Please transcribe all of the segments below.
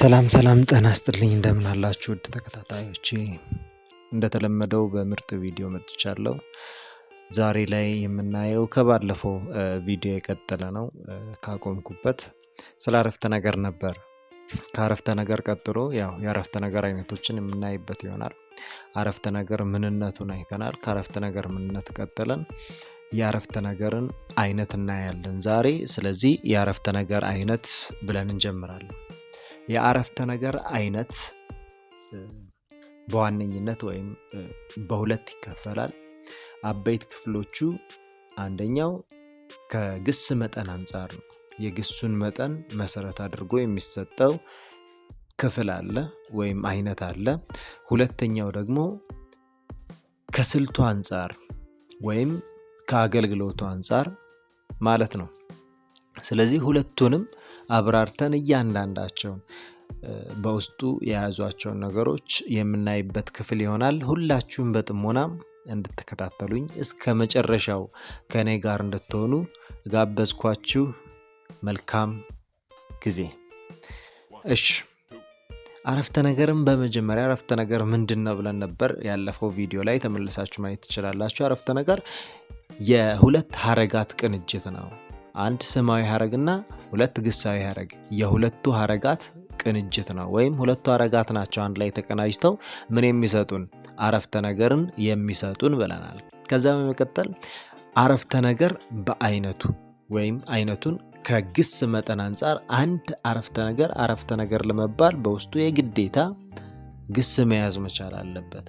ሰላም ሰላም ጤና ይስጥልኝ እንደምን አላችሁ ውድ ተከታታዮቼ እንደተለመደው በምርጥ ቪዲዮ መጥቻለሁ ዛሬ ላይ የምናየው ከባለፈው ቪዲዮ የቀጠለ ነው ካቆምኩበት ስለ አረፍተ ነገር ነበር ከአረፍተ ነገር ቀጥሎ ያው የአረፍተ ነገር አይነቶችን የምናይበት ይሆናል አረፍተ ነገር ምንነቱን አይተናል ከአረፍተ ነገር ምንነት ቀጥለን የአረፍተ ነገርን አይነት እናያለን ዛሬ ስለዚህ የአረፍተ ነገር አይነት ብለን እንጀምራለን የአረፍተ ነገር አይነት በዋነኝነት ወይም በሁለት ይከፈላል። አበይት ክፍሎቹ አንደኛው ከግስ መጠን አንጻር ነው። የግሱን መጠን መሰረት አድርጎ የሚሰጠው ክፍል አለ ወይም አይነት አለ። ሁለተኛው ደግሞ ከስልቱ አንጻር ወይም ከአገልግሎቱ አንጻር ማለት ነው። ስለዚህ ሁለቱንም አብራርተን እያንዳንዳቸውን በውስጡ የያዟቸውን ነገሮች የምናይበት ክፍል ይሆናል። ሁላችሁም በጥሞና እንድትከታተሉኝ እስከ መጨረሻው ከእኔ ጋር እንድትሆኑ ጋበዝኳችሁ። መልካም ጊዜ። እሺ አረፍተ ነገርም በመጀመሪያ አረፍተ ነገር ምንድን ነው ብለን ነበር። ያለፈው ቪዲዮ ላይ ተመልሳችሁ ማየት ትችላላችሁ። አረፍተ ነገር የሁለት ሀረጋት ቅንጅት ነው። አንድ ስማዊ ሀረግና ሁለት ግሳዊ ሀረግ የሁለቱ ሀረጋት ቅንጅት ነው ወይም ሁለቱ ሀረጋት ናቸው አንድ ላይ ተቀናጅተው ምን የሚሰጡን አረፍተ ነገርን የሚሰጡን ብለናል። ከዚያ በመቀጠል አረፍተ ነገር በአይነቱ ወይም አይነቱን ከግስ መጠን አንጻር አንድ አረፍተ ነገር አረፍተ ነገር ለመባል በውስጡ የግዴታ ግስ መያዝ መቻል አለበት።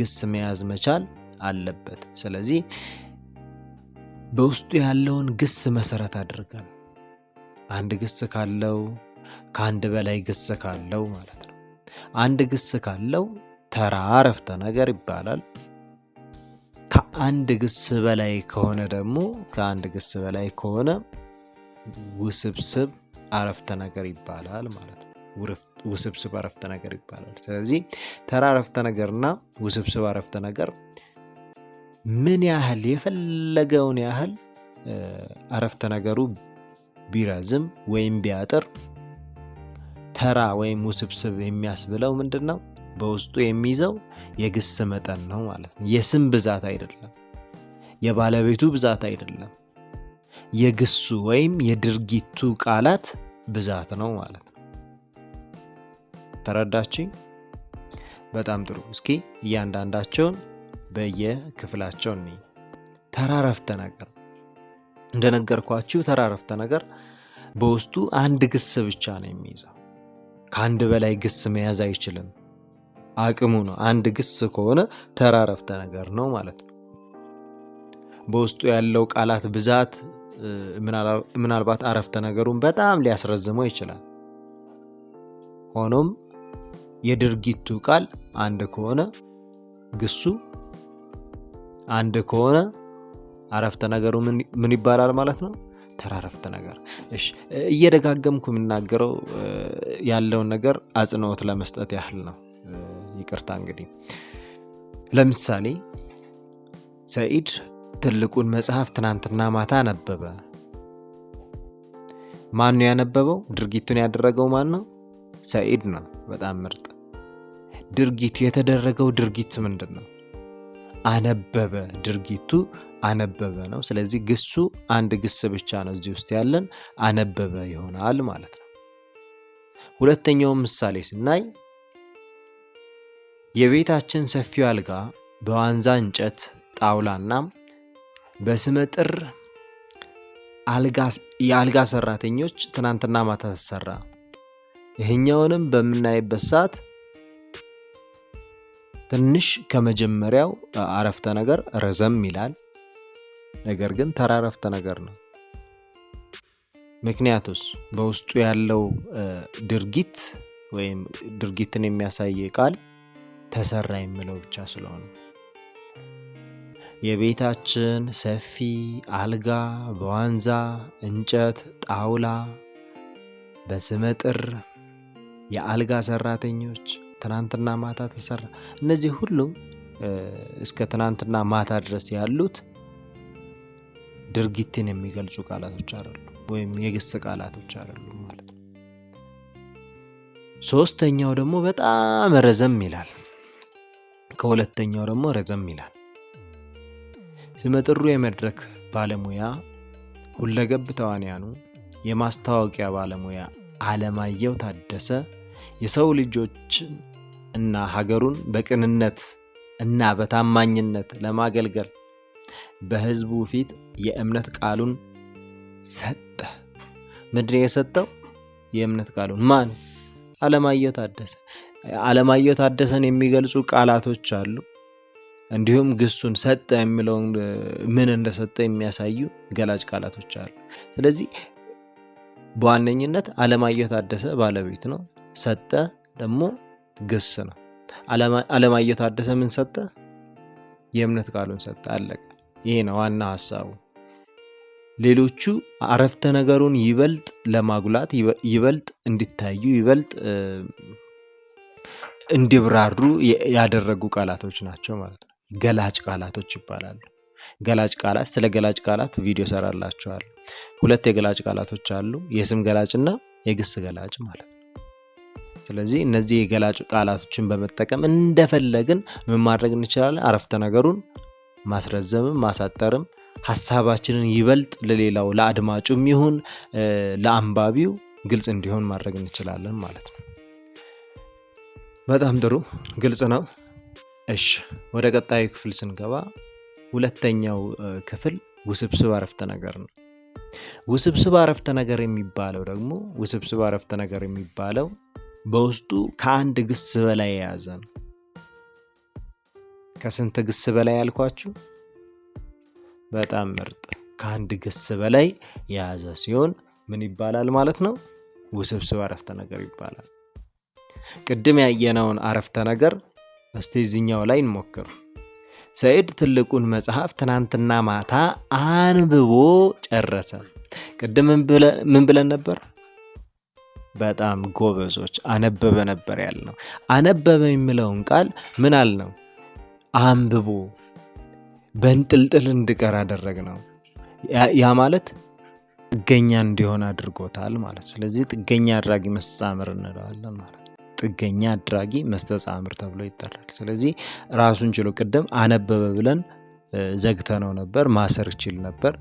ግስ መያዝ መቻል አለበት። ስለዚህ በውስጡ ያለውን ግስ መሰረት አድርገን አንድ ግስ ካለው ከአንድ በላይ ግስ ካለው ማለት ነው። አንድ ግስ ካለው ተራ አረፍተ ነገር ይባላል። ከአንድ ግስ በላይ ከሆነ ደግሞ ከአንድ ግስ በላይ ከሆነ ውስብስብ አረፍተ ነገር ይባላል ማለት ነው። ውስብስብ አረፍተ ነገር ይባላል። ስለዚህ ተራ አረፍተ ነገርና ውስብስብ አረፍተ ነገር ምን ያህል የፈለገውን ያህል አረፍተ ነገሩ ቢረዝም ወይም ቢያጥር ተራ ወይም ውስብስብ የሚያስብለው ምንድን ነው? በውስጡ የሚይዘው የግስ መጠን ነው ማለት ነው። የስም ብዛት አይደለም፣ የባለቤቱ ብዛት አይደለም፣ የግሱ ወይም የድርጊቱ ቃላት ብዛት ነው ማለት ነው። ተረዳችኝ? በጣም ጥሩ። እስኪ እያንዳንዳቸውን በየክፍላቸው እኔ ተራረፍተ ነገር እንደነገርኳችሁ ተራረፍተ ነገር በውስጡ አንድ ግስ ብቻ ነው የሚይዘው። ከአንድ በላይ ግስ መያዝ አይችልም። አቅሙ ነው። አንድ ግስ ከሆነ ተራረፍተ ነገር ነው ማለት ነው። በውስጡ ያለው ቃላት ብዛት ምናልባት አረፍተ ነገሩን በጣም ሊያስረዝመው ይችላል። ሆኖም የድርጊቱ ቃል አንድ ከሆነ ግሱ አንድ ከሆነ አረፍተ ነገሩ ምን ይባላል ማለት ነው? ተራረፍተ ነገር። እሺ እየደጋገምኩ የምናገረው ያለውን ነገር አጽንኦት ለመስጠት ያህል ነው። ይቅርታ እንግዲህ ለምሳሌ ሰኢድ ትልቁን መጽሐፍ ትናንትና ማታ አነበበ። ማን ነው ያነበበው? ድርጊቱን ያደረገው ማን ነው? ሰኢድ ነው። በጣም ምርጥ። ድርጊቱ የተደረገው ድርጊት ምንድን ነው? አነበበ ድርጊቱ አነበበ ነው። ስለዚህ ግሱ አንድ ግስ ብቻ ነው እዚህ ውስጥ ያለን አነበበ ይሆናል ማለት ነው። ሁለተኛውን ምሳሌ ስናይ የቤታችን ሰፊው አልጋ በዋንዛ እንጨት ጣውላና በስመጥር የአልጋ ሰራተኞች ትናንትና ማታ ተሰራ። ይህኛውንም በምናይበት ሰዓት ትንሽ ከመጀመሪያው አረፍተ ነገር ረዘም ይላል። ነገር ግን ተራ አረፍተ ነገር ነው። ምክንያቱስ በውስጡ ያለው ድርጊት ወይም ድርጊትን የሚያሳይ ቃል ተሰራ የሚለው ብቻ ስለሆነ የቤታችን ሰፊ አልጋ በዋንዛ እንጨት ጣውላ በስመጥር የአልጋ ሰራተኞች ትናንትና ማታ ተሰራ። እነዚህ ሁሉም እስከ ትናንትና ማታ ድረስ ያሉት ድርጊትን የሚገልጹ ቃላቶች አይደሉም፣ ወይም የግስ ቃላቶች አይደሉም ማለት ነው። ሶስተኛው ደግሞ በጣም ረዘም ይላል። ከሁለተኛው ደግሞ ረዘም ይላል። ስመጥሩ የመድረክ ባለሙያ፣ ሁለገብ ተዋንያኑ፣ የማስታወቂያ ባለሙያ አለማየሁ ታደሰ የሰው ልጆችን እና ሀገሩን በቅንነት እና በታማኝነት ለማገልገል በሕዝቡ ፊት የእምነት ቃሉን ሰጠ። ምድር የሰጠው የእምነት ቃሉን ማን? አለማየሁ ታደሰ። አለማየሁ ታደሰን የሚገልጹ ቃላቶች አሉ። እንዲሁም ግሱን ሰጠ የሚለውን ምን እንደሰጠ የሚያሳዩ ገላጭ ቃላቶች አሉ። ስለዚህ በዋነኝነት አለማየሁ ታደሰ ባለቤት ነው። ሰጠ ደግሞ ግስ ነው። አለማየሁ ታደሰ ምን ሰጠ? የእምነት ቃሉን ሰጠ። አለቀ። ይሄ ነው ዋና ሀሳቡ። ሌሎቹ አረፍተ ነገሩን ይበልጥ ለማጉላት ይበልጥ እንዲታዩ ይበልጥ እንዲብራሩ ያደረጉ ቃላቶች ናቸው ማለት ነው። ገላጭ ቃላቶች ይባላሉ። ገላጭ ቃላት ስለ ገላጭ ቃላት ቪዲዮ ሰራላቸዋል ሁለት የገላጭ ቃላቶች አሉ፣ የስም ገላጭ እና የግስ ገላጭ ማለት ነው። ስለዚህ እነዚህ የገላጭ ቃላቶችን በመጠቀም እንደፈለግን ምን ማድረግ እንችላለን? አረፍተ ነገሩን ማስረዘምም ማሳጠርም ሀሳባችንን ይበልጥ ለሌላው ለአድማጩም ይሁን ለአንባቢው ግልጽ እንዲሆን ማድረግ እንችላለን ማለት ነው። በጣም ጥሩ ግልጽ ነው። እሺ ወደ ቀጣዩ ክፍል ስንገባ ሁለተኛው ክፍል ውስብስብ አረፍተ ነገር ነው። ውስብስብ አረፍተ ነገር የሚባለው ደግሞ ውስብስብ አረፍተ ነገር የሚባለው በውስጡ ከአንድ ግስ በላይ የያዘ ነው። ከስንት ግስ በላይ ያልኳችሁ? በጣም ምርጥ። ከአንድ ግስ በላይ የያዘ ሲሆን ምን ይባላል ማለት ነው? ውስብስብ አረፍተ ነገር ይባላል። ቅድም ያየነውን አረፍተ ነገር እስቲ እዚኛው ላይ እንሞክር። ሰኢድ ትልቁን መጽሐፍ ትናንትና ማታ አንብቦ ጨረሰ። ቅድም ምን ብለን ነበር? በጣም ጎበዞች። አነበበ ነበር ነው። አነበበ የሚለውን ቃል ምን አል ነው አንብቦ እንድቀር እንዲቀር ነው? ያ ማለት ጥገኛ እንዲሆን አድርጎታል ማለት። ስለዚህ ጥገኛ አድራጊ መስተጻምር እንለዋለን ማለት ጥገኛ አድራጊ መስተጻምር ተብሎ ይጠራል። ስለዚህ ራሱን ችሎ ቅድም አነበበ ብለን ዘግተነው ነበር፣ ማሰር ይችል ነበር።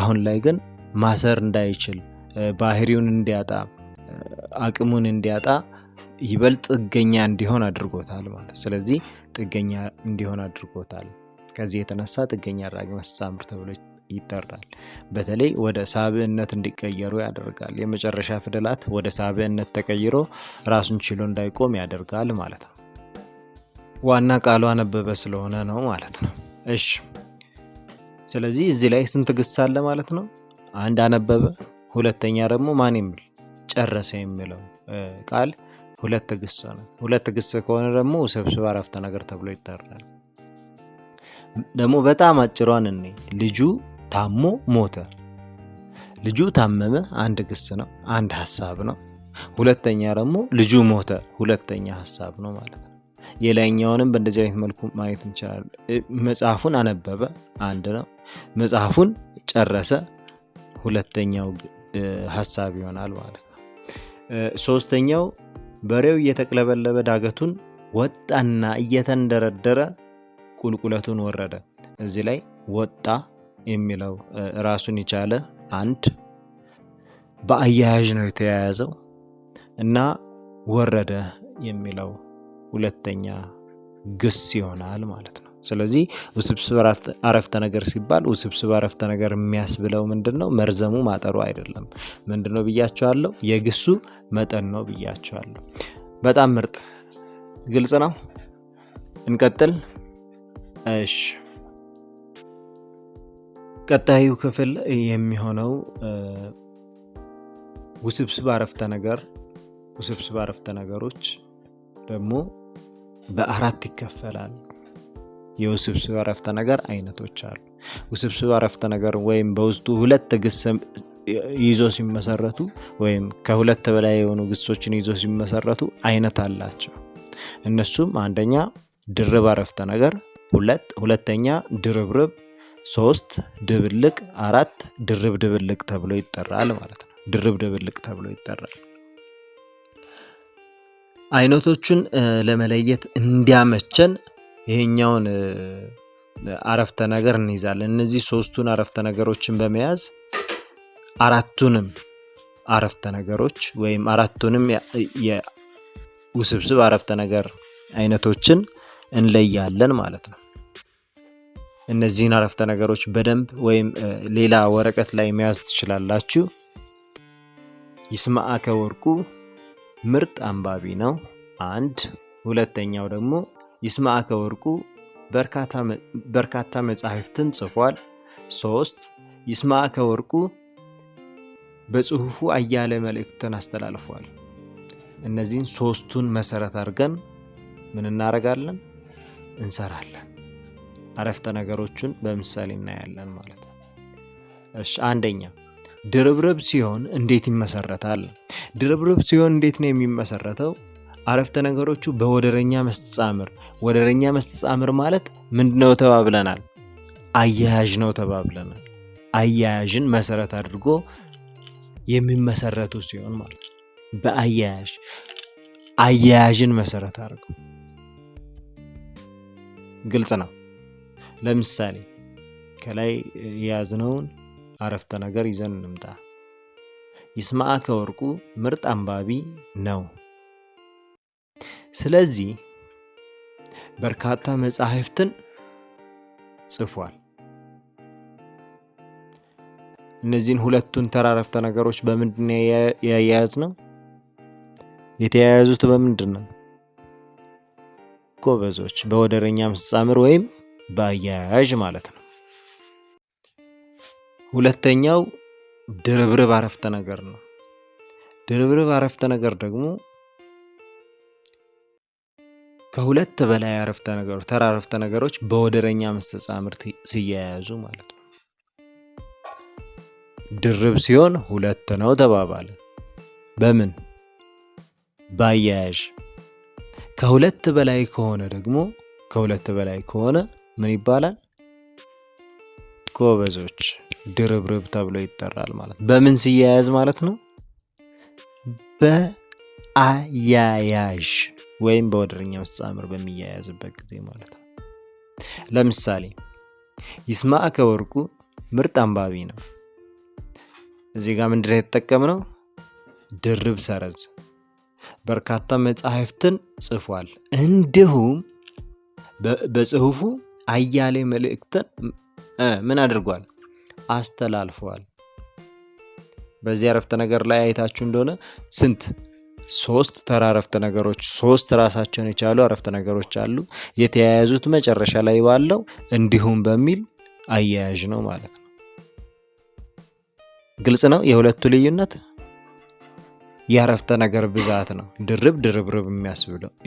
አሁን ላይ ግን ማሰር እንዳይችል ባህሪውን እንዲያጣ አቅሙን እንዲያጣ ይበልጥ ጥገኛ እንዲሆን አድርጎታል ማለት ስለዚህ ጥገኛ እንዲሆን አድርጎታል ከዚህ የተነሳ ጥገኛ አድራጊ መስተሳምር ተብሎ ይጠራል በተለይ ወደ ሳብዕነት እንዲቀየሩ ያደርጋል የመጨረሻ ፊደላት ወደ ሳብዕነት ተቀይሮ ራሱን ችሎ እንዳይቆም ያደርጋል ማለት ነው ዋና ቃሉ አነበበ ስለሆነ ነው ማለት ነው እሺ ስለዚህ እዚህ ላይ ስንት ግስ አለ ማለት ነው አንድ አነበበ ሁለተኛ ደግሞ ማን የሚል ጨረሰ የሚለው ቃል ሁለት ግስ ነው። ሁለት ግስ ከሆነ ደግሞ ውስብስብ አረፍተ ነገር ተብሎ ይጠራል። ደግሞ በጣም አጭሯን እኔ ልጁ ታሞ ሞተ። ልጁ ታመመ አንድ ግስ ነው፣ አንድ ሀሳብ ነው። ሁለተኛ ደግሞ ልጁ ሞተ ሁለተኛ ሀሳብ ነው ማለት ነው። የላይኛውንም በእንደዚህ አይነት መልኩ ማየት እንችላለን። መጽሐፉን አነበበ አንድ ነው። መጽሐፉን ጨረሰ ሁለተኛው ሀሳብ ይሆናል ማለት ነው። ሶስተኛው በሬው እየተቅለበለበ ዳገቱን ወጣና እየተንደረደረ ቁልቁለቱን ወረደ። እዚህ ላይ ወጣ የሚለው ራሱን የቻለ አንድ በአያያዥ ነው የተያያዘው እና ወረደ የሚለው ሁለተኛ ግስ ይሆናል ማለት ነው። ስለዚህ ውስብስብ አረፍተ ነገር ሲባል ውስብስብ አረፍተ ነገር የሚያስብለው ምንድን ነው? መርዘሙ ማጠሩ አይደለም። ምንድን ነው ብያቸዋለሁ? የግሱ መጠን ነው ብያቸዋለሁ። በጣም ምርጥ ግልጽ ነው። እንቀጥል። እሺ ቀጣዩ ክፍል የሚሆነው ውስብስብ አረፍተ ነገር ውስብስብ አረፍተ ነገሮች ደግሞ በአራት ይከፈላል። የውስብስብ አረፍተ ነገር አይነቶች አሉ። ውስብስብ አረፍተ ነገር ወይም በውስጡ ሁለት ግስ ይዞ ሲመሰረቱ ወይም ከሁለት በላይ የሆኑ ግሶችን ይዞ ሲመሰረቱ አይነት አላቸው። እነሱም አንደኛ ድርብ አረፍተ ነገር፣ ሁለት ሁለተኛ ድርብርብ፣ ሶስት ድብልቅ፣ አራት ድርብ ድብልቅ ተብሎ ይጠራል ማለት ነው። ድርብ ድብልቅ ተብሎ ይጠራል። አይነቶቹን ለመለየት እንዲያመቸን ይሄኛውን አረፍተ ነገር እንይዛለን። እነዚህ ሶስቱን አረፍተ ነገሮችን በመያዝ አራቱንም አረፍተ ነገሮች ወይም አራቱንም የውስብስብ አረፍተ ነገር አይነቶችን እንለያለን ማለት ነው። እነዚህን አረፍተ ነገሮች በደንብ ወይም ሌላ ወረቀት ላይ መያዝ ትችላላችሁ። ይስማዕከ ወርቁ ምርጥ አንባቢ ነው። አንድ ሁለተኛው ደግሞ ይስማዕከ ወርቁ በርካታ መጻሕፍትን ጽፏል። ሶስት ይስማዕከ ወርቁ በጽሑፉ አያሌ መልእክትን አስተላልፏል። እነዚህን ሶስቱን መሰረት አድርገን ምን እናደርጋለን? እንሰራለን። አረፍተ ነገሮቹን በምሳሌ እናያለን ማለት ነው። እሺ አንደኛ ድርብርብ ሲሆን እንዴት ይመሰረታል? ድርብርብ ሲሆን እንዴት ነው የሚመሰረተው? አረፍተ ነገሮቹ በወደረኛ መስተጻምር። ወደረኛ መስተጻምር ማለት ምንድነው ተባብለናል? አያያዥ ነው ተባብለናል። አያያዥን መሰረት አድርጎ የሚመሰረቱ ሲሆን ማለት በአያያዥ አያያዥን መሰረት አድርጎ ግልጽ ነው። ለምሳሌ ከላይ የያዝነውን አረፍተ ነገር ይዘን እንምጣ። ይስማዕከ ወርቁ ምርጥ አንባቢ ነው። ስለዚህ በርካታ መጻሕፍትን ጽፏል። እነዚህን ሁለቱን ተራረፍተ ነገሮች በምንድን ያያያዝ ነው? የተያያዙት በምንድን ነው? ጎበዞች፣ በወደረኛ ምስጻምር ወይም በአያያዥ ማለት ነው። ሁለተኛው ድርብርብ አረፍተ ነገር ነው። ድርብርብ አረፍተ ነገር ደግሞ ከሁለት በላይ አረፍተ ነገሮች ተራ አረፍተ ነገሮች በወደረኛ መስተጻምር ሲያያዙ ማለት ነው። ድርብ ሲሆን ሁለት ነው ተባባለ። በምን ባያያዥ። ከሁለት በላይ ከሆነ ደግሞ ከሁለት በላይ ከሆነ ምን ይባላል? ጎበዞች ድርብርብ ተብሎ ይጠራል ማለት ነው። በምን ሲያያዝ ማለት ነው? በአያያዥ ወይም በወደረኛ መስተጻምር በሚያያዝበት ጊዜ ማለት ነው። ለምሳሌ ይስማዕከ ወርቁ ምርጥ አንባቢ ነው። እዚህ ጋር ምንድነው የተጠቀምነው? ድርብ ሰረዝ በርካታ መጽሐፍትን ጽፏል። እንዲሁም በጽሁፉ አያሌ መልእክትን ምን አድርጓል? አስተላልፈዋል። በዚህ አረፍተ ነገር ላይ አይታችሁ እንደሆነ ስንት ሶስት ተራ አረፍተ ነገሮች ሶስት ራሳቸውን የቻሉ አረፍተ ነገሮች አሉ። የተያያዙት መጨረሻ ላይ ባለው እንዲሁም በሚል አያያዥ ነው ማለት ነው። ግልጽ ነው። የሁለቱ ልዩነት የአረፍተ ነገር ብዛት ነው። ድርብ ድርብርብ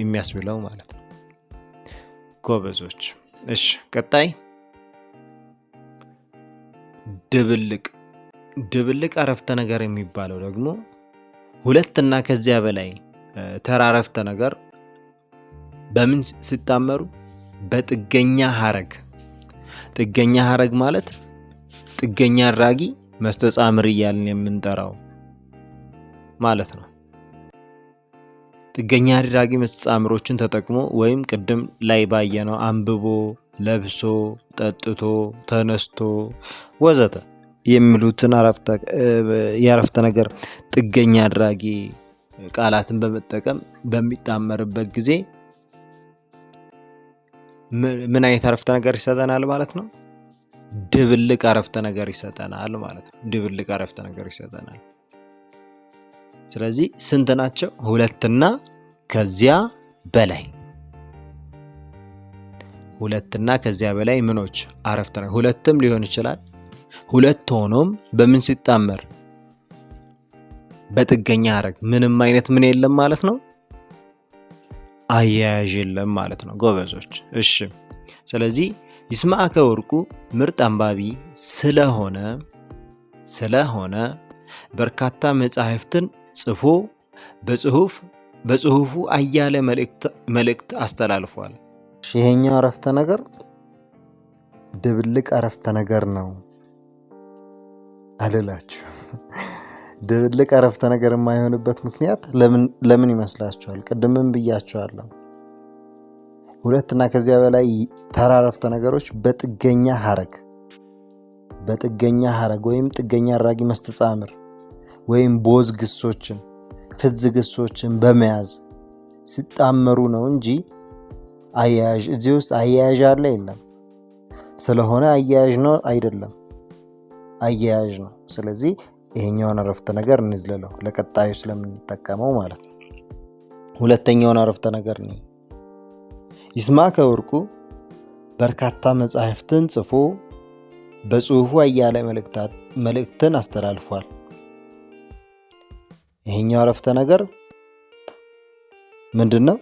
የሚያስብለው ማለት ነው። ጎበዞች። እሺ፣ ቀጣይ ድብልቅ ድብልቅ አረፍተ ነገር የሚባለው ደግሞ ሁለትና ከዚያ በላይ ተራረፍተ ነገር በምን ሲጣመሩ? በጥገኛ ሀረግ። ጥገኛ ሀረግ ማለት ጥገኛ አድራጊ መስተጻምር እያልን የምንጠራው ማለት ነው። ጥገኛ አድራጊ መስተጻምሮችን ተጠቅሞ ወይም ቅድም ላይ ባየነው አንብቦ፣ ለብሶ፣ ጠጥቶ፣ ተነስቶ ወዘተ የሚሉትን የአረፍተ ነገር ጥገኛ አድራጊ ቃላትን በመጠቀም በሚጣመርበት ጊዜ ምን አይነት አረፍተ ነገር ይሰጠናል ማለት ነው? ድብልቅ አረፍተ ነገር ይሰጠናል ማለት ነው። ድብልቅ አረፍተ ነገር ይሰጠናል። ስለዚህ ስንት ናቸው? ሁለትና ከዚያ በላይ ሁለትና ከዚያ በላይ ምኖች አረፍተ ሁለትም ሊሆን ይችላል ሁለት ሆኖም በምን ሲጣመር በጥገኛ አረግ ምንም አይነት ምን የለም ማለት ነው፣ አያያዥ የለም ማለት ነው ጎበዞች። እሺ ስለዚህ ይስማዕከ ወርቁ ምርጥ አንባቢ ስለሆነ ስለሆነ በርካታ መጻሕፍትን ጽፎ በጽሁፍ በጽሁፉ አያለ መልእክት አስተላልፏል። ይሄኛው አረፍተ ነገር ድብልቅ አረፍተ ነገር ነው። አልላችሁ ድብልቅ አረፍተ ነገር የማይሆንበት ምክንያት ለምን ይመስላችኋል? ቅድምም ብያችኋለሁ። ሁለት እና ከዚያ በላይ ተራ አረፍተ ነገሮች በጥገኛ ሀረግ በጥገኛ ሀረግ ወይም ጥገኛ አድራጊ መስተጻምር ወይም ቦዝ ግሶችን ፍዝ ግሶችን በመያዝ ሲጣመሩ ነው እንጂ አያያዥ እዚህ ውስጥ አያያዥ አለ የለም። ስለሆነ አያያዥ ነው አይደለም። አያያዥ ነው። ስለዚህ ይሄኛውን አረፍተ ነገር እንዝለለው ለቀጣዩ ስለምንጠቀመው ማለት ነው። ሁለተኛውን አረፍተ ነገር ነው። ይስማዕከ ወርቁ በርካታ መጻሕፍትን ጽፎ በጽሑፉ አያሌ መልእክትን አስተላልፏል። ይሄኛው አረፍተ ነገር ምንድን ነው?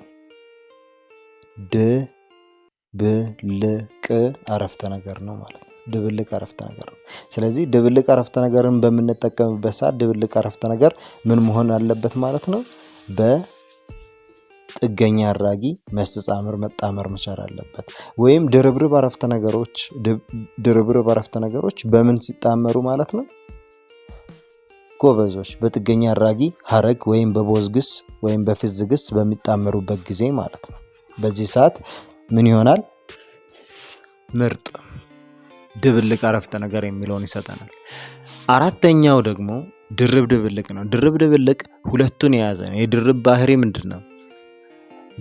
ድብልቅ አረፍተ ነገር ነው ማለት ነው። ድብልቅ አረፍተ ነገር ነው። ስለዚህ ድብልቅ አረፍተ ነገርን በምንጠቀምበት ሰዓት ድብልቅ አረፍተ ነገር ምን መሆን አለበት ማለት ነው? በጥገኛ አድራጊ መስተጻምር መጣመር መቻል አለበት። ወይም ድርብርብ አረፍተ ነገሮች ድርብርብ አረፍተ ነገሮች በምን ሲጣመሩ ማለት ነው? ጎበዞች በጥገኛ አድራጊ ሀረግ ወይም በቦዝ ግስ ወይም በፍዝ ግስ በሚጣመሩበት ጊዜ ማለት ነው። በዚህ ሰዓት ምን ይሆናል? ምርጥ ድብልቅ አረፍተ ነገር የሚለውን ይሰጠናል። አራተኛው ደግሞ ድርብ ድብልቅ ነው። ድርብ ድብልቅ ሁለቱን የያዘ ነው። የድርብ ባህሪ ምንድን ነው?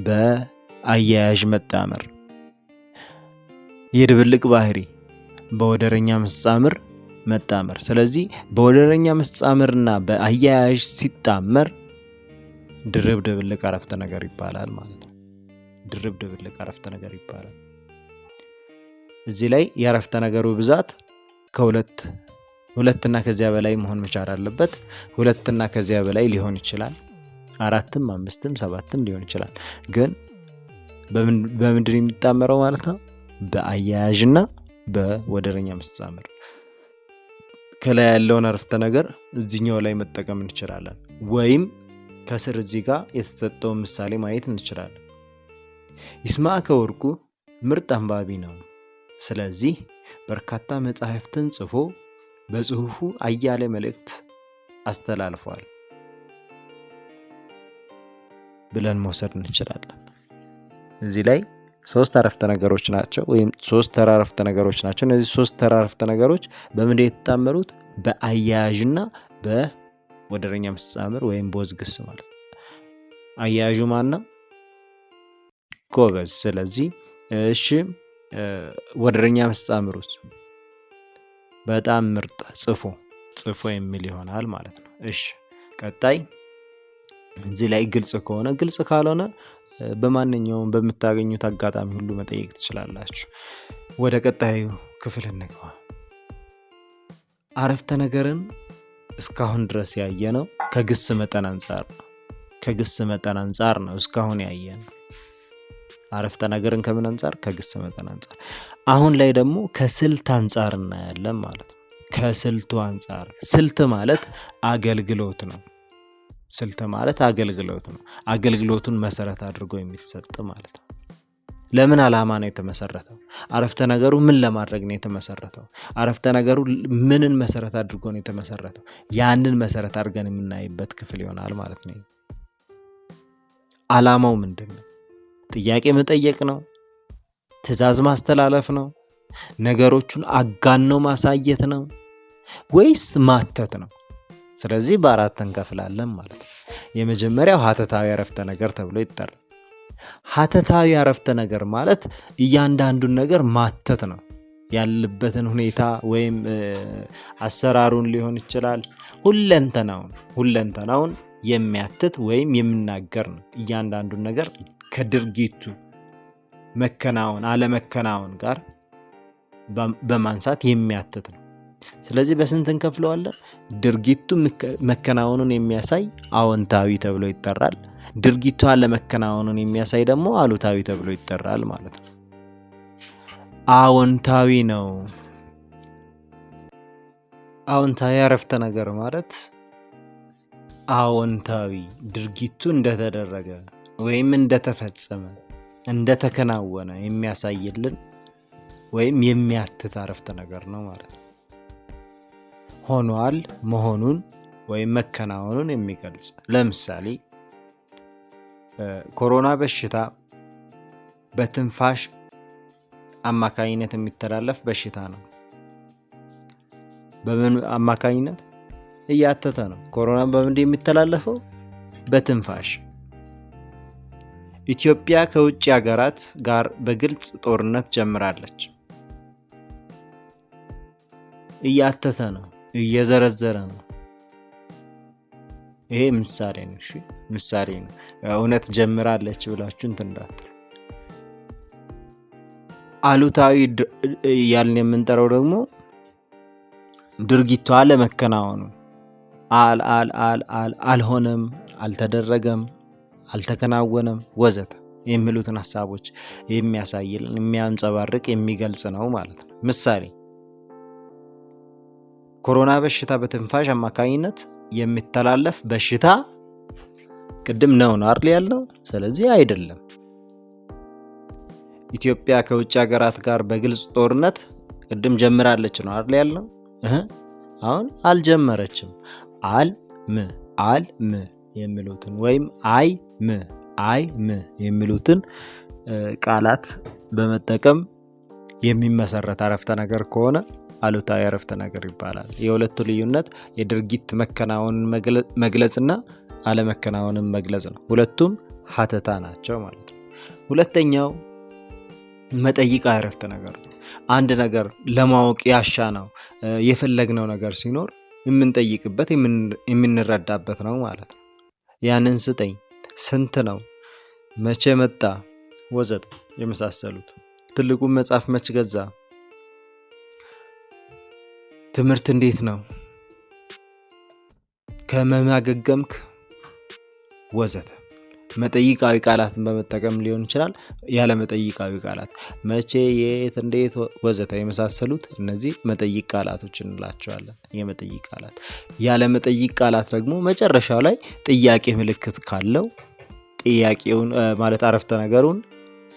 በአያያዥ መጣመር። የድብልቅ ባህሪ በወደረኛ መስተጻምር መጣመር። ስለዚህ በወደረኛ መስተጻምርና በአያያዥ ሲጣመር ድርብ ድብልቅ አረፍተ ነገር ይባላል ማለት ነው። ድርብ ድብልቅ አረፍተ ነገር ይባላል። እዚህ ላይ የአረፍተ ነገሩ ብዛት ከሁለት ሁለትና ከዚያ በላይ መሆን መቻል አለበት። ሁለትና ከዚያ በላይ ሊሆን ይችላል። አራትም፣ አምስትም፣ ሰባትም ሊሆን ይችላል። ግን በምንድን የሚጣመረው ማለት ነው? በአያያዥና በወደረኛ መስተጻምር። ከላይ ያለውን አረፍተ ነገር እዚኛው ላይ መጠቀም እንችላለን፣ ወይም ከስር እዚህ ጋር የተሰጠውን ምሳሌ ማየት እንችላለን። ይስማዕከ ወርቁ ምርጥ አንባቢ ነው። ስለዚህ በርካታ መጻሕፍትን ጽፎ በጽሑፉ አያሌ መልእክት አስተላልፏል ብለን መውሰድ እንችላለን። እዚህ ላይ ሶስት አረፍተ ነገሮች ናቸው ወይም ሶስት ተራ አረፍተ ነገሮች ናቸው። እነዚህ ሶስት ተራ አረፍተ ነገሮች በምን የተጣመሩት? በአያያዥና በወደረኛ መስተጻምር ወይም በወዝግስ ማለት አያያዡ ማን ነው? ጎበዝ። ስለዚህ እሺ ወደረኛ መስተጻምሩስ በጣም ምርጥ ጽፎ ጽፎ የሚል ይሆናል ማለት ነው። እሺ ቀጣይ እዚህ ላይ ግልጽ ከሆነ ግልጽ ካልሆነ በማንኛውም በምታገኙት አጋጣሚ ሁሉ መጠየቅ ትችላላችሁ። ወደ ቀጣዩ ክፍል እንግባ። አረፍተ ነገርን እስካሁን ድረስ ነው ከግስ መጠን አንጻር ነው። ከግስ መጠን አንጻር ነው እስካሁን ያየነው አረፍተ ነገርን ከምን አንጻር? ከግስ መጠን አንጻር። አሁን ላይ ደግሞ ከስልት አንጻር እናያለን ማለት ነው። ከስልቱ አንጻር ስልት ማለት አገልግሎት ነው። ስልት ማለት አገልግሎት ነው። አገልግሎቱን መሰረት አድርጎ የሚሰጥ ማለት ነው። ለምን አላማ ነው የተመሰረተው? አረፍተ ነገሩ ምን ለማድረግ ነው የተመሰረተው? አረፍተ ነገሩ ምንን መሰረት አድርጎ ነው የተመሰረተው? ያንን መሰረት አድርገን የምናይበት ክፍል ይሆናል ማለት ነው። አላማው ምንድን ነው? ጥያቄ መጠየቅ ነው። ትዕዛዝ ማስተላለፍ ነው። ነገሮቹን አጋነው ማሳየት ነው ወይስ ማተት ነው? ስለዚህ በአራት እንከፍላለን ማለት ነው። የመጀመሪያው ሀተታዊ አረፍተ ነገር ተብሎ ይጠራል። ሀተታዊ አረፍተ ነገር ማለት እያንዳንዱን ነገር ማተት ነው። ያለበትን ሁኔታ ወይም አሰራሩን ሊሆን ይችላል። ሁለንተናውን ሁለንተናውን የሚያትት ወይም የሚናገር ነው። እያንዳንዱን ነገር ከድርጊቱ መከናወን አለመከናወን ጋር በማንሳት የሚያትት ነው። ስለዚህ በስንት እንከፍለዋለን? ድርጊቱ መከናወኑን የሚያሳይ አዎንታዊ ተብሎ ይጠራል። ድርጊቱ አለመከናወኑን የሚያሳይ ደግሞ አሉታዊ ተብሎ ይጠራል ማለት ነው። አዎንታዊ ነው። አዎንታዊ አረፍተ ነገር ማለት አዎንታዊ ድርጊቱ እንደተደረገ ወይም እንደተፈጸመ እንደተከናወነ የሚያሳይልን ወይም የሚያትት አረፍተ ነገር ነው ማለት ነው። ሆኗል መሆኑን ወይም መከናወኑን የሚገልጽ ለምሳሌ ኮሮና በሽታ በትንፋሽ አማካኝነት የሚተላለፍ በሽታ ነው። በምን አማካኝነት? እያተተ ነው። ኮሮና በምንድ የሚተላለፈው? በትንፋሽ ኢትዮጵያ ከውጭ አገራት ጋር በግልጽ ጦርነት ጀምራለች። እያተተ ነው፣ እየዘረዘረ ነው። ይሄ ምሳሌ ነው። እሺ ምሳሌ ነው። እውነት ጀምራለች ብላችሁ እንትን አሉታዊ እያልን የምንጠራው ደግሞ ድርጊቷ አለመከናወኑ አል አል አል አልሆነም፣ አልተደረገም አልተከናወነም፣ ወዘተ የሚሉትን ሀሳቦች የሚያሳይልን የሚያንጸባርቅ የሚገልጽ ነው ማለት ነው። ምሳሌ ኮሮና በሽታ በትንፋሽ አማካኝነት የሚተላለፍ በሽታ ቅድም ነው ነው አርል ያለው። ስለዚህ አይደለም። ኢትዮጵያ ከውጭ ሀገራት ጋር በግልጽ ጦርነት ቅድም ጀምራለች ነው አርል ያለው። አሁን አልጀመረችም። አልም አልም የሚሉትን ወይም አይ ም አይ ም የሚሉትን ቃላት በመጠቀም የሚመሰረት አረፍተ ነገር ከሆነ አሉታዊ አረፍተ ነገር ይባላል። የሁለቱ ልዩነት የድርጊት መከናወንን መግለጽና አለመከናወንን መግለጽ ነው። ሁለቱም ሀተታ ናቸው ማለት ነው። ሁለተኛው መጠይቅ አረፍተ ነገር ነው። አንድ ነገር ለማወቅ ያሻ ነው የፈለግነው ነገር ሲኖር የምንጠይቅበት የምንረዳበት ነው ማለት ነው። ያንን ስጠኝ፣ ስንት ነው፣ መቼ መጣ፣ ወዘት የመሳሰሉት። ትልቁን መጽሐፍ መች ገዛ፣ ትምህርት እንዴት ነው፣ ከመማገገምክ ወዘተ መጠይቃዊ ቃላትን በመጠቀም ሊሆን ይችላል። ያለ መጠይቃዊ ቃላት መቼ፣ የት፣ እንዴት ወዘተ የመሳሰሉት እነዚህ መጠይቅ ቃላቶች እንላቸዋለን። የመጠይቅ ቃላት ያለ መጠይቅ ቃላት ደግሞ መጨረሻው ላይ ጥያቄ ምልክት ካለው ጥያቄውን ማለት አረፍተ ነገሩን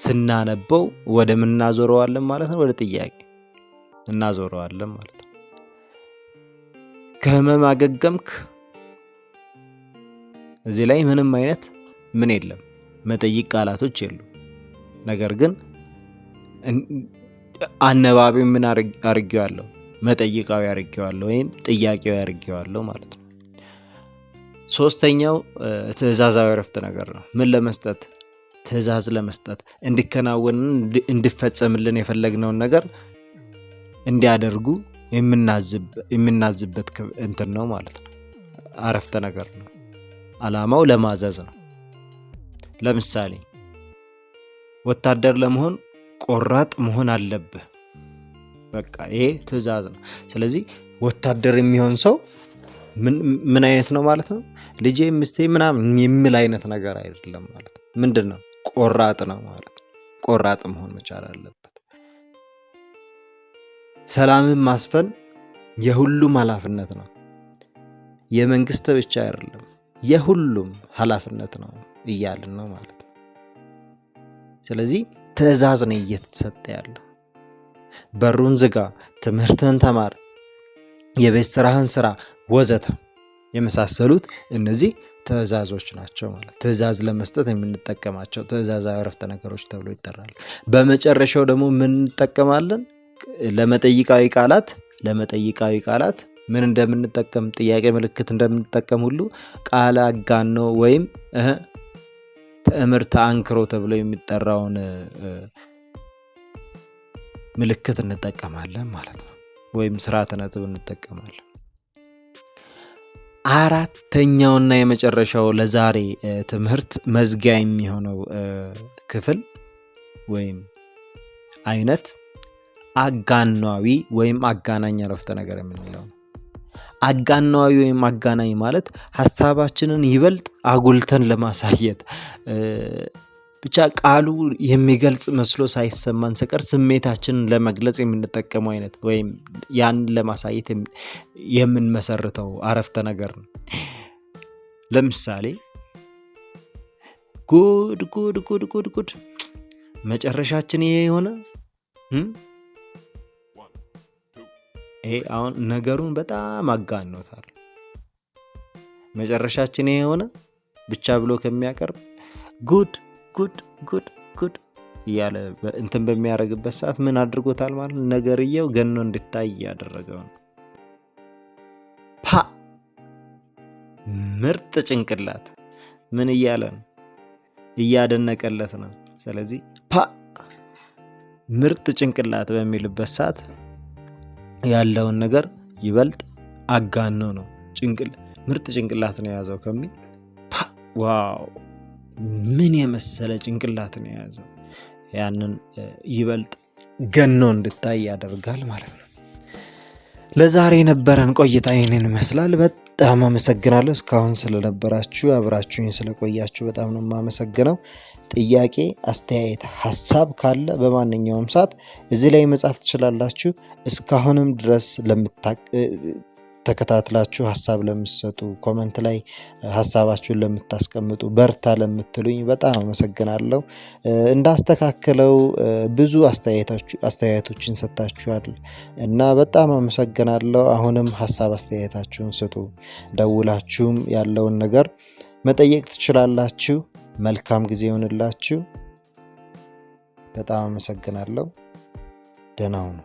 ስናነበው ወደ ምን እናዞረዋለን ማለት ነው። ወደ ጥያቄ እናዞረዋለን ማለት ነው። ከህመም አገገምክ። እዚህ ላይ ምንም አይነት ምን የለም፣ መጠይቅ ቃላቶች የሉ። ነገር ግን አነባቢ ምን አርጌዋለሁ? መጠይቃዊ አርጌዋለሁ ወይም ጥያቄው አርጌዋለሁ ማለት ነው። ሶስተኛው ትዕዛዛዊ ረፍት ነገር ነው። ምን ለመስጠት ትዕዛዝ ለመስጠት እንዲከናወንን እንዲፈጸምልን የፈለግነውን ነገር እንዲያደርጉ የምናዝበት እንትን ነው ማለት ነው። አረፍተ ነገር ነው። አላማው ለማዘዝ ነው። ለምሳሌ ወታደር ለመሆን ቆራጥ መሆን አለብህ። በቃ ይሄ ትዕዛዝ ነው። ስለዚህ ወታደር የሚሆን ሰው ምን አይነት ነው ማለት ነው? ልጄ ምስቴ ምናምን የሚል አይነት ነገር አይደለም ማለት ነው። ምንድን ነው? ቆራጥ ነው ማለት ነው። ቆራጥ መሆን መቻል አለበት። ሰላምን ማስፈን የሁሉም ኃላፊነት ነው፣ የመንግስት ብቻ አይደለም። የሁሉም ኃላፊነት ነው እያልን ነው ማለት ነው። ስለዚህ ትዕዛዝ ነው እየተሰጠ ያለው። በሩን ዝጋ፣ ትምህርትህን ተማር፣ የቤት ስራህን ስራ፣ ወዘተ የመሳሰሉት እነዚህ ትዕዛዞች ናቸው ማለት ትእዛዝ ለመስጠት የምንጠቀማቸው ትዕዛዛዊ አረፍተ ነገሮች ተብሎ ይጠራል። በመጨረሻው ደግሞ ምን እንጠቀማለን? ለመጠይቃዊ ቃላት ለመጠይቃዊ ቃላት ምን እንደምንጠቀም ጥያቄ ምልክት እንደምንጠቀም ሁሉ ቃለ አጋኖ ወይም ትዕምርተ አንክሮ ተብሎ የሚጠራውን ምልክት እንጠቀማለን ማለት ነው። ወይም ስርዓተ ነጥብ እንጠቀማለን። አራተኛውና የመጨረሻው ለዛሬ ትምህርት መዝጊያ የሚሆነው ክፍል ወይም አይነት አጋኗዊ ወይም አጋናኝ አረፍተ ነገር የምንለው ነው። አጋናዊ ወይም አጋናኝ ማለት ሀሳባችንን ይበልጥ አጉልተን ለማሳየት ብቻ ቃሉ የሚገልጽ መስሎ ሳይሰማን ስቀር ስሜታችንን ለመግለጽ የምንጠቀመው አይነት ወይም ያን ለማሳየት የምንመሰርተው አረፍተ ነገር ነው። ለምሳሌ ጉድ ጉድ ጉድ ጉድ ጉድ መጨረሻችን ይሄ የሆነ ይሄ አሁን ነገሩን በጣም አጋኖታል። መጨረሻችን ይሄ የሆነ ብቻ ብሎ ከሚያቀርብ ጉድ ጉድ ጉድ ጉድ እያለ እንትን በሚያደርግበት ሰዓት ምን አድርጎታል ማለት ነገርየው ገኖ እንድታይ እያደረገው ነው። ፓ ምርጥ ጭንቅላት ምን እያለ ነው? እያደነቀለት ነው። ስለዚህ ፓ ምርጥ ጭንቅላት በሚልበት ሰዓት ያለውን ነገር ይበልጥ አጋኖ ነው ምርጥ ጭንቅላት ነው የያዘው ከሚል ዋው ምን የመሰለ ጭንቅላት ነው የያዘው ያንን ይበልጥ ገኖ እንድታይ ያደርጋል ማለት ነው። ለዛሬ የነበረን ቆይታ ይህንን ይመስላል። በጣም አመሰግናለሁ። እስካሁን ስለነበራችሁ አብራችሁኝ ስለቆያችሁ በጣም ነው የማመሰግነው። ጥያቄ፣ አስተያየት፣ ሀሳብ ካለ በማንኛውም ሰዓት እዚህ ላይ መጻፍ ትችላላችሁ። እስካሁንም ድረስ ተከታትላችሁ ሀሳብ ለምትሰጡ ኮመንት ላይ ሀሳባችሁን ለምታስቀምጡ በርታ ለምትሉኝ በጣም አመሰግናለሁ። እንዳስተካከለው ብዙ አስተያየቶችን ሰጥታችኋል እና በጣም አመሰግናለሁ። አሁንም ሀሳብ አስተያየታችሁን ስጡ። ደውላችሁም ያለውን ነገር መጠየቅ ትችላላችሁ። መልካም ጊዜ ይሆንላችሁ። በጣም አመሰግናለሁ። ደህና ሁኑ።